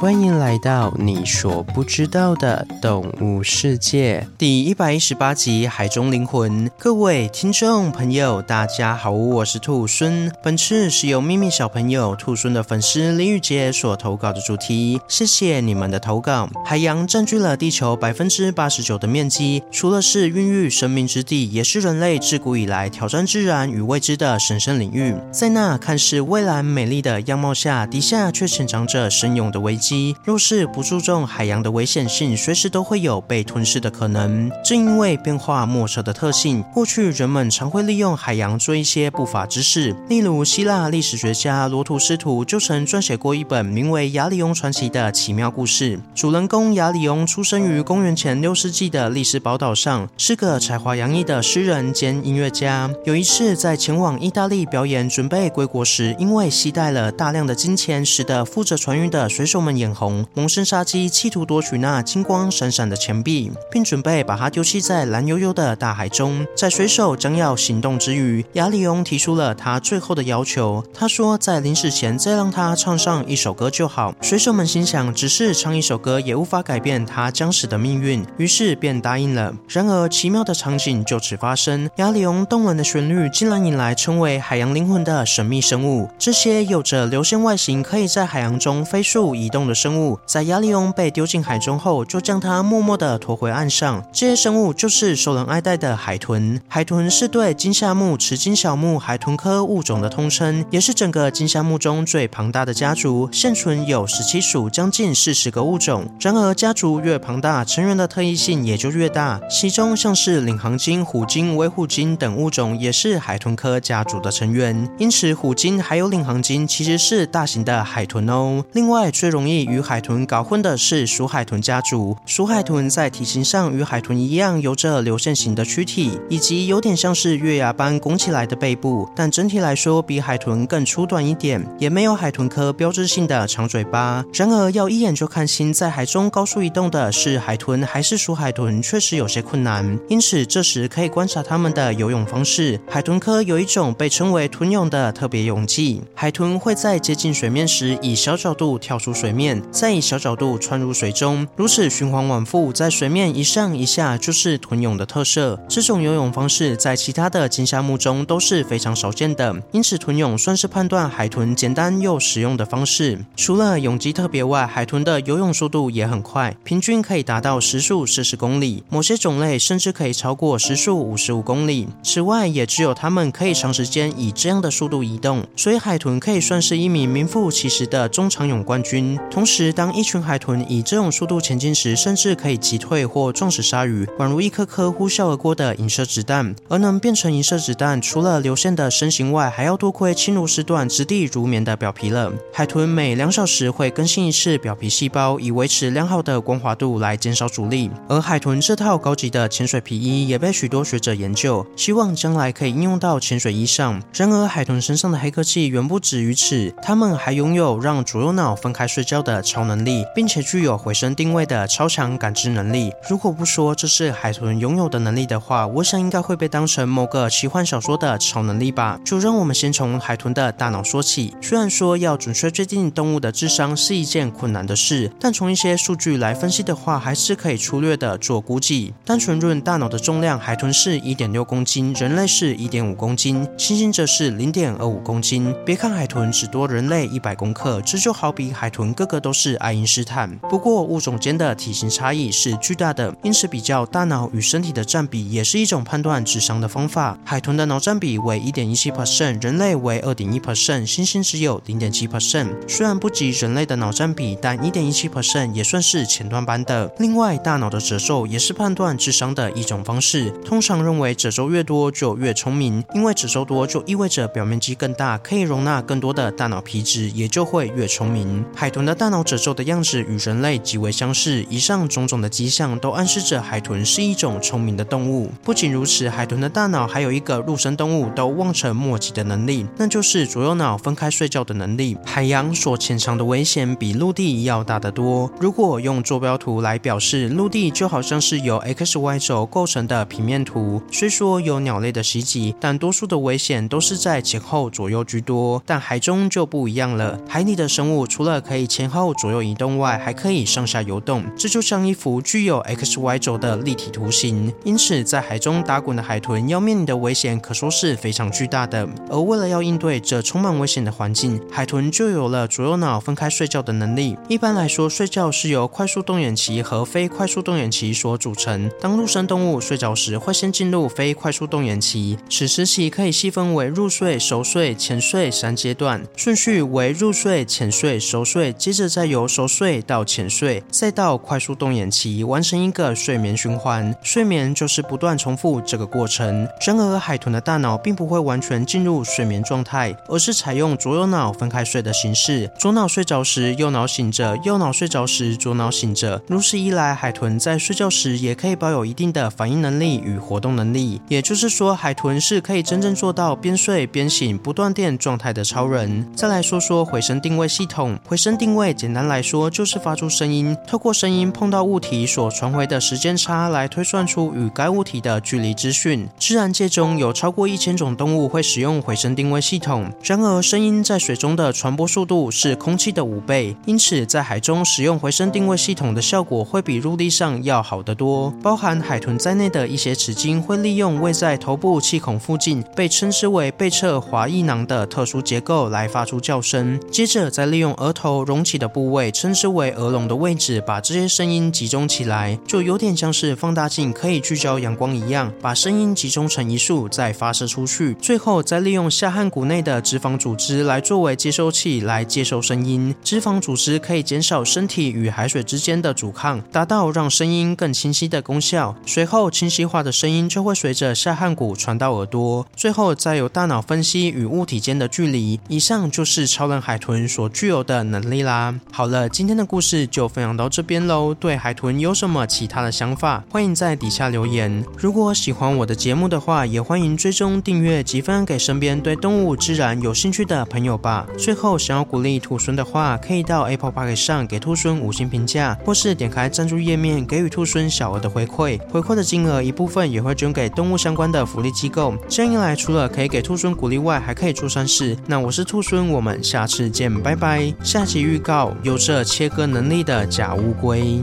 歡迎來到你所不知道的動物世界第一百一十八集《海中靈魂》。各位聽眾朋友，大家好，我是兔猻。本次是由秘密小朋友兔猻的粉絲林玉杰所投稿的主題，謝謝你們的投稿。海洋佔據了地球百分之八十九的面積，除了是孕育生命之地，也是人類自古以來挑戰自然與未知的神聖領域。在那看似蔚藍美麗的樣貌下，底下卻潛藏着深勇的危機。若是不注重海洋的危險性，隨時都會有被吞噬的可能。正因為變化莫測的特性，過去人們常會利用海洋做一些不法之事。例如，希臘歷史學家羅圖斯圖就曾撰寫過一本名為《亞里翁傳奇》的奇妙故事。主人公亞里翁出生於公元前六世紀的利斯寶島上，是個才華洋溢的詩人兼音樂家。有一次，在前往意大利表演、準備歸國時，因為攜帶了大量的金錢，使得負責船運的水手們眼紅，萌生殺機，企圖奪取那金光閃閃的錢幣，並準備把它丟棄在藍悠悠的大海中。在水手將要行動之餘，亞里翁提出了他最後的要求。他說，在臨死前再讓他唱上一首歌就好。水手們心想，只是唱一首歌也無法改變他將死的命運，於是便答應了。然而，奇妙的場景就此發生：亞里翁動人的旋律竟然引來稱為海洋靈魂的神秘生物，這些有着流線外形、可以在海洋中飛速移動的。生物在亞利翁被丟進海中後，就將它默默地馱回岸上。這些生物就是受人愛戴的海豚。海豚是對鯨下目齒鯨小目海豚科物種的通稱，也是整個鯨下目中最龐大的家族。現存有十七屬，將近四十個物種。然而，家族越龐大，成員的特異性也就越大。其中，像是領航鯨、虎鯨、偽虎鯨等物種也是海豚科家族的成員。因此，虎鯨還有領航鯨其實是大型的海豚哦。另外，最容易與海豚搞混的是鼠海豚家族。鼠海豚在體型上與海豚一樣，有着流線型的軀體，以及有點像是月牙般拱起來的背部，但整體來說比海豚更粗短一點，也沒有海豚科標誌性的長嘴巴。然而，要一眼就看清在海中高速移動的是海豚還是鼠海豚，確實有些困難。因此，這時可以觀察它們的游泳方式。海豚科有一種被稱為“豚泳”的特別泳技，海豚會在接近水面時以小角度跳出水面。再以小角度穿入水中，如此循環往復，在水面一上一下就是豚泳的特色。這種游泳方式在其他的鯨下目中都是非常少見的，因此豚泳算是判斷海豚簡單又實用的方式。除了泳姿特別外，海豚的游泳速度也很快，平均可以達到時速四十公里，某些種類甚至可以超過時速五十五公里。此外，也只有它們可以長時間以這樣的速度移動，所以海豚可以算是一名名副其實的中長泳冠軍。同時，當一群海豚以這種速度前進時，甚至可以擊退或撞死鯊魚，宛如一顆顆呼嘯而過的銀色子彈。而能變成銀色子彈，除了流線的身形外，還要多虧輕如絲緞、質地如棉的表皮了。海豚每兩小時會更新一次表皮細胞，以維持良好的光滑度，來減少阻力。而海豚這套高級的潛水皮衣也被許多學者研究，希望將來可以應用到潛水衣上。然而，海豚身上的黑科技遠不止於此，它們還擁有讓左右腦分開睡覺。的超能力，並且具有回聲定位的超強感知能力。如果不說這是海豚擁有的能力的話，我想應該會被當成某個奇幻小說的超能力吧。就讓我們先從海豚的大腦說起。雖然說要準確確定動物的智商是一件困難的事，但從一些數據來分析的話，還是可以粗略的做估計。單純論大腦的重量，海豚是1.6公斤，人類是1.5公斤，猩猩則是0.25公斤。別看海豚只多人類100公克，這就好比海豚跟個都是愛因斯坦，不過物種間的體型差異是巨大的，因此比較大腦與身體的佔比也是一種判斷智商的方法。海豚的腦佔比為一點一七 percent，人類為二點一 percent，猩猩只有零點七 percent。雖然不及人類的腦佔比，但一點一七 percent 也算是前段班的。另外，大腦的褶皺也是判斷智商的一種方式。通常認為褶皺越多就越聰明，因為褶皺多就意味着表面積更大，可以容納更多的大腦皮質，也就會越聰明。海豚的。大腦褶皺的樣子與人類極為相似，以上種種的跡象都暗示着海豚是一種聰明的動物。不僅如此，海豚的大腦還有一個陸生動物都望塵莫及的能力，那就是左右腦分開睡覺的能力。海洋所潛藏的危險比陸地要大得多。如果用坐標圖來表示，陸地就好像是由 x y 軸構成的平面圖。雖說有鳥類的襲擊，但多數的危險都是在前後左右居多。但海中就不一樣了，海裡的生物除了可以前後左右移動外，還可以上下游動，這就像一幅具有 X Y 軸的立體圖形。因此，在海中打滾的海豚要面臨的危險，可說是非常巨大的。而為了要應對這充滿危險的環境，海豚就有了左右腦分開睡覺的能力。一般來說，睡覺是由快速動眼期和非快速動眼期所組成。當陸生動物睡着時，會先進入非快速動眼期，此時期可以細分為入睡、熟睡、淺睡三階段，順序為入睡、淺睡、熟睡，接着，是在由熟睡到淺睡，再到快速動眼期，完成一個睡眠循環。睡眠就是不斷重複這個過程。整而海豚的大腦並不會完全進入睡眠狀態，而是採用左右腦分開睡的形式。左腦睡着時，右腦醒着；右腦睡着時，左腦醒着。如此一來，海豚在睡覺時也可以保有一定的反應能力與活動能力。也就是說，海豚是可以真正做到邊睡邊醒、不斷電狀態的超人。再來說說回聲定位系統，回聲定位。簡單來說，就是發出聲音，透過聲音碰到物體所傳回的時間差來推算出與該物體的距離資訊。自然界中有超過一千種動物會使用回聲定位系統。然而，聲音在水中的傳播速度是空氣的五倍，因此在海中使用回聲定位系統的效果會比陸地上要好得多。包含海豚在內的一些齒鯨會利用位在頭部氣孔附近、被稱之為背側滑翼囊的特殊結構來發出叫聲，接着再利用額頭隆起。的部位稱之為額隆的位置，把這些聲音集中起來，就有點像是放大鏡可以聚焦陽光一樣，把聲音集中成一束再發射出去，最後再利用下頜骨內的脂肪組織來作為接收器來接收聲音。脂肪組織可以減少身體與海水之間的阻抗，達到讓聲音更清晰的功效。隨後清晰化的聲音就會隨着下頜骨傳到耳朵，最後再由大腦分析與物體間的距離。以上就是超人海豚所具有的能力啦。好了，今天的故事就分享到這邊嘍。對海豚有什麼其他的想法，歡迎在底下留言。如果喜歡我的節目的話，也歡迎追蹤訂閱，積分給身邊對動物自然有興趣的朋友吧。最後，想要鼓勵兔猻的話，可以到 Apple Podcast 上給兔猻五星評價，或是點開贊助頁面給予兔猻小額的回饋。回饋的金額一部分也會捐給動物相關的福利機構。這樣一來，除了可以給兔猻鼓勵外，還可以做善事。那我是兔猻，我們下次見，拜拜。下期預告。有着切割能力的假烏龜。